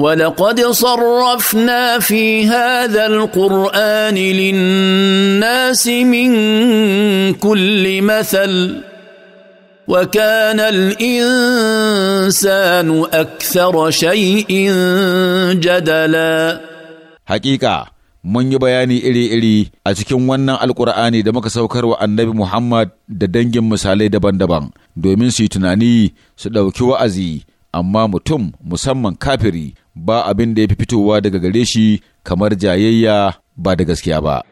ولقد صرفنا في هذا القران للناس من كل مثل وكان الانسان اكثر شيء جدلا حقيقه mun yi bayani iri-iri a cikin wannan alkur'ani da muka saukar wa annabi muhammad da dangin misalai daban-daban domin su yi tunani su ɗauki wa'azi amma mutum musamman kafiri ba abin da ya fi fitowa daga gare shi kamar jayayya ba da gaskiya ba.